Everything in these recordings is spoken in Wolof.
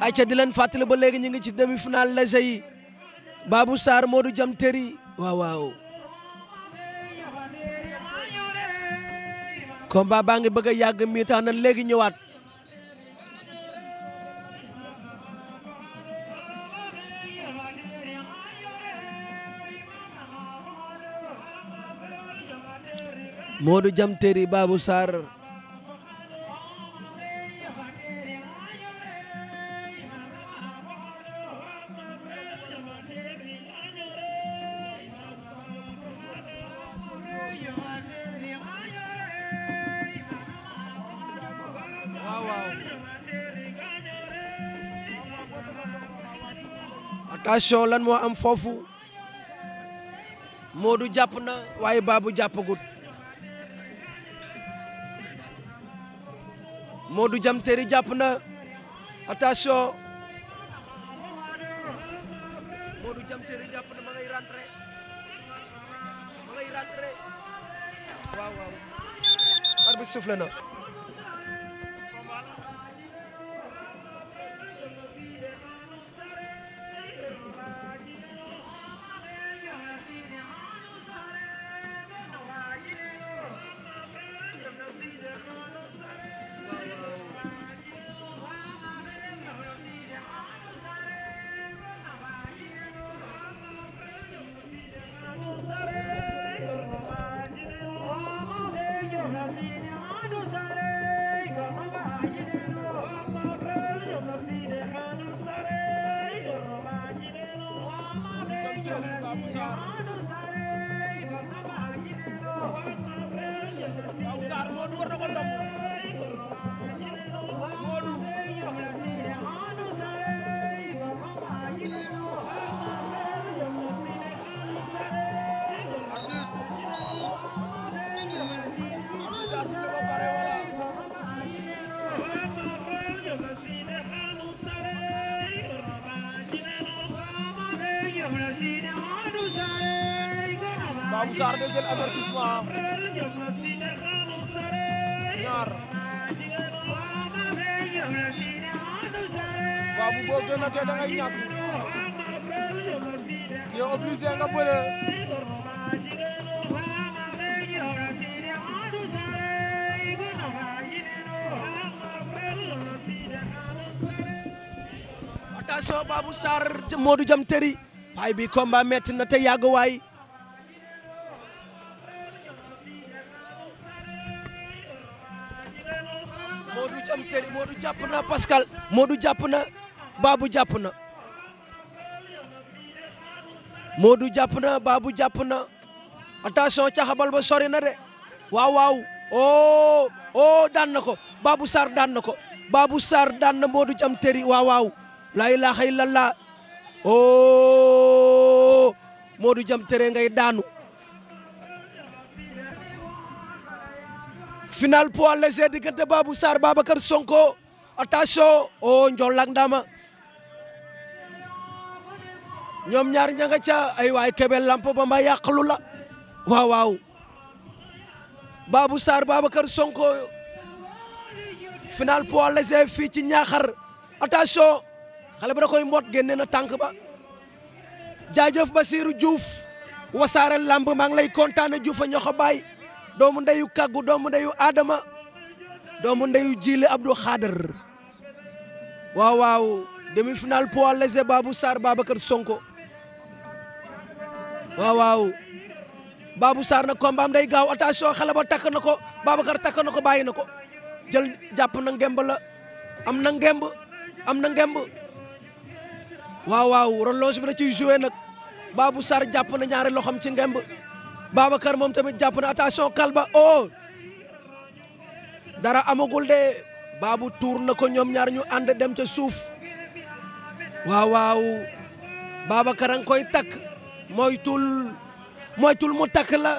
ayca di leen fàttali ba léegi ñu ngi ci demi final léger yi Babou Sarr Modou Jam Teri waaw waaw combat ngi bëgg a yàgg mi tax na léegi ñëwaat Modou Jam Teri Babou saar waaw waaw lan moo am foofu Modou jàpp na waaye Babou jàppagut Modou Jam Terry jàpp na attention Modou Jam Terry jàpp na ma ngay rentré ma ngay rentré waaw waaw arbitre soufflé na Sarr Babou Sarr day jël ngay ñàkk tu es nga bëre attention Babou Teri waaye bi combat metti na te yàgg waay ci am téere moodu jàpp na Pascal Modou jàpp na Babou jàpp na Modou jàpp na Babou jàpp na attention caxabal ba sori na de waaw waaw oh oh daan na ko Babou Sarr daan ko baabu Sarr daan na Modou ci am téere waaw waaw laa ilaaha illallah oh jam téere ngay daanu final poids léger diggante Babou Sarr Babacar Sonko attention o oh, Ndiolak Ndama ñoom ñaar ña nga ca ay waay kebel lamp ba mba yàqalu la waaw waaw Babou Sarr Babacar Sonko final poids léger fii ci Niakhar attention xale ba da koy mot génne na tànk ba jaajëf Basirou Diouf wasaare lamb maa ngi lay kontaane Diouf a ñoxo baay doomu ndeyu kàggu doomu dayu Adama doomu ndeyu Jili Abdou Khader waaw waaw demi-finale poids léger Babou Sarr Babacar Sonko waaw waaw Babou Sarr nag kombaam day gaaw attention xale ba takk na ko Babacar takk na ko bàyyi na ko jël jàpp na ngemb la am na ngemb am na ngemb waaw waaw relance bi da ciy joué nag Babou Sarr jàpp na ñaari loxam ci ngemb baaba kar moom tamit jàpp na attention kalba oh dara amagul de Babou tuur na ko ñoom ñaar ñu ànd dem ca suuf waaw waaw Babacar a ngi koy takk moytul moytul mu takk la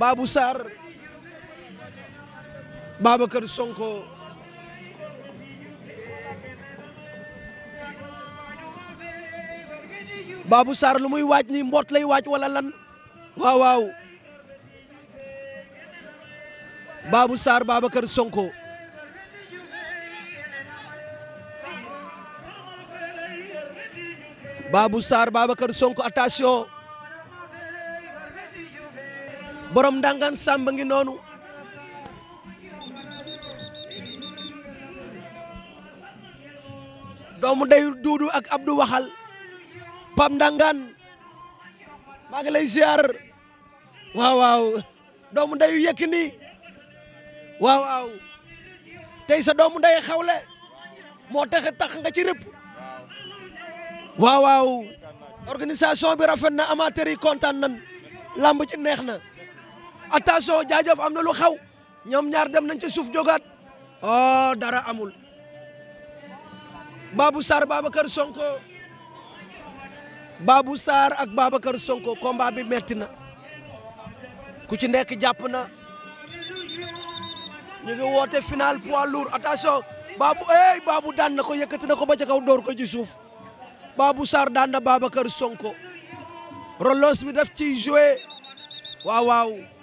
Babou Sarr Babacar Sonko Babou Sarr lu muy waaj ni mboot lay waaj wala lan waaw waaw Babou Sarr Babacar Sonko Babou Sarr Babacar Sonko attention borom ndangan sàmb ngi noonu doomu day duudu ak Abdou waxal pam ndangan maa ngi lay waaw waaw doomu ndeyu Yékini waaw waaw tey sa doomu ndey xawle moo texe tax nga ci rëpp waaw waaw organisation bi rafet na amateur yi kontaan nan lamb ci neex na attention jaajaf am na lu xaw ñoom ñaar dem nañ ci suuf jogaat oh dara amul Babou Sarr kër Sonko baabu saar ak baaba kër Sonko combat bi metti na ku ci nekk jàpp na ñu ngi woote final poids lourd attention baabu ey baabu daan na ko yëkkati na ko ba ca kaw door ko ci suuf baabu Sarr daan na Babacar Sonko relance bi daf ciy joué waaw